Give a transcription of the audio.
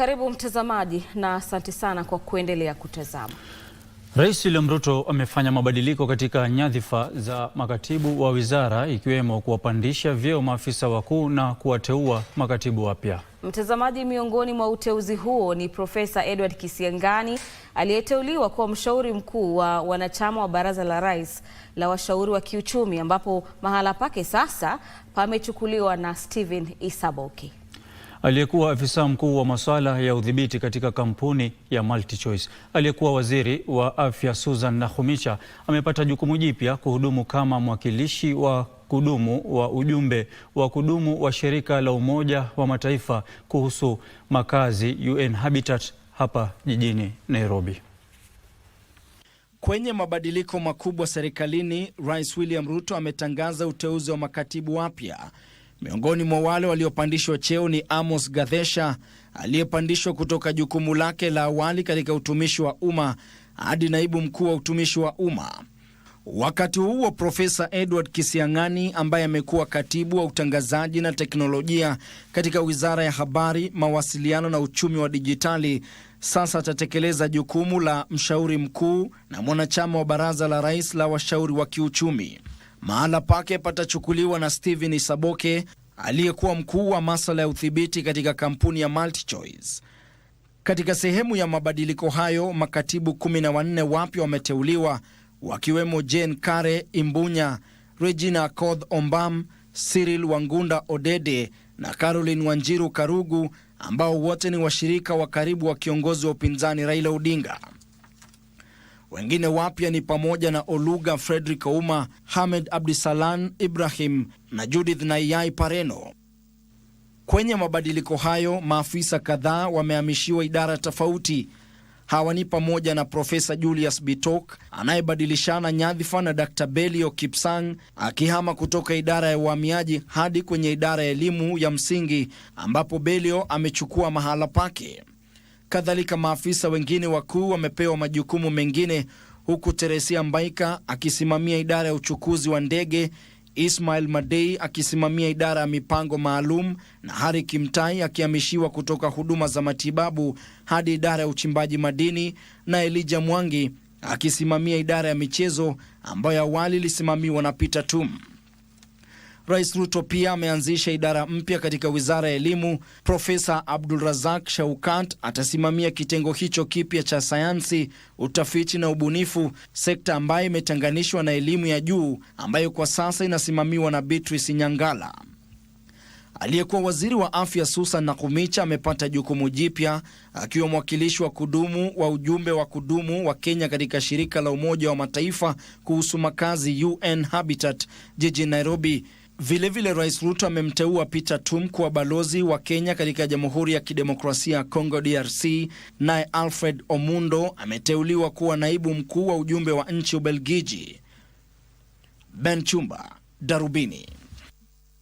Karibu mtazamaji na asante sana kwa kuendelea kutazama. Rais William Ruto amefanya mabadiliko katika nyadhifa za makatibu wa wizara ikiwemo kuwapandisha vyeo maafisa wakuu na kuwateua makatibu wapya. Mtazamaji, miongoni mwa uteuzi huo ni Profesa Edward Kisiang'ani aliyeteuliwa kuwa mshauri mkuu wa wanachama wa Baraza la Rais la Washauri wa Kiuchumi ambapo mahala pake sasa pamechukuliwa na Stephen isaboki Aliyekuwa afisa mkuu wa masuala ya udhibiti katika kampuni ya MultiChoice, aliyekuwa waziri wa afya Susan Nakhumicha amepata jukumu jipya kuhudumu kama mwakilishi wa kudumu wa ujumbe wa kudumu wa shirika la Umoja wa Mataifa kuhusu makazi UN Habitat hapa jijini Nairobi. Kwenye mabadiliko makubwa serikalini, Rais William Ruto ametangaza uteuzi wa makatibu wapya Miongoni mwa wale waliopandishwa cheo ni Amos Gathesha aliyepandishwa kutoka jukumu lake la awali katika utumishi wa umma hadi naibu mkuu wa utumishi wa umma. Wakati huo Profesa Edward Kisiang'ani ambaye amekuwa katibu wa utangazaji na teknolojia katika wizara ya habari, mawasiliano na uchumi wa dijitali, sasa atatekeleza jukumu la mshauri mkuu na mwanachama wa baraza la rais la washauri wa kiuchumi mahala pake patachukuliwa na Steven isaboke aliyekuwa mkuu wa masala ya udhibiti katika kampuni ya MultiChoice. Katika sehemu ya mabadiliko hayo, makatibu 14 wapya wameteuliwa wakiwemo Jane Kare Imbunya, Regina Koth Ombam, Cyril Wangunda Odede na Caroline Wanjiru Karugu ambao wote ni washirika wa karibu wa kiongozi wa upinzani Raila Odinga. Wengine wapya ni pamoja na Oluga Frederick Ouma, Hamed Abdisalan Ibrahim na Judith Naiyai Pareno. Kwenye mabadiliko hayo, maafisa kadhaa wamehamishiwa idara tofauti. Hawa ni pamoja na Profesa Julius Bitok anayebadilishana nyadhifa na Dr Belio Kipsang akihama kutoka idara ya uhamiaji hadi kwenye idara ya elimu ya msingi ambapo Belio amechukua mahala pake. Kadhalika, maafisa wengine wakuu wamepewa majukumu mengine, huku Teresia Mbaika akisimamia idara ya uchukuzi wa ndege, Ismail Madei akisimamia idara ya mipango maalum na Hari Kimtai akihamishiwa kutoka huduma za matibabu hadi idara ya uchimbaji madini na Elija Mwangi akisimamia idara ya michezo ambayo awali ilisimamiwa na Peter Tum. Rais Ruto pia ameanzisha idara mpya katika wizara ya elimu. Profesa Abdul Razak Shaukat atasimamia kitengo hicho kipya cha sayansi, utafiti na ubunifu, sekta ambayo imetenganishwa na elimu ya juu ambayo kwa sasa inasimamiwa na Beatrice Nyangala. Aliyekuwa waziri wa afya Susan Nakhumicha amepata jukumu jipya akiwa mwakilishi wa kudumu wa ujumbe wa kudumu wa Kenya katika shirika la Umoja wa Mataifa kuhusu makazi UN Habitat jijini Nairobi. Vilevile Rais Ruto amemteua Peter Tum kuwa balozi wa Kenya katika Jamhuri ya Kidemokrasia ya Kongo, DRC. Naye Alfred Omundo ameteuliwa kuwa naibu mkuu wa ujumbe wa nchi Ubelgiji. Ben Chumba, Darubini.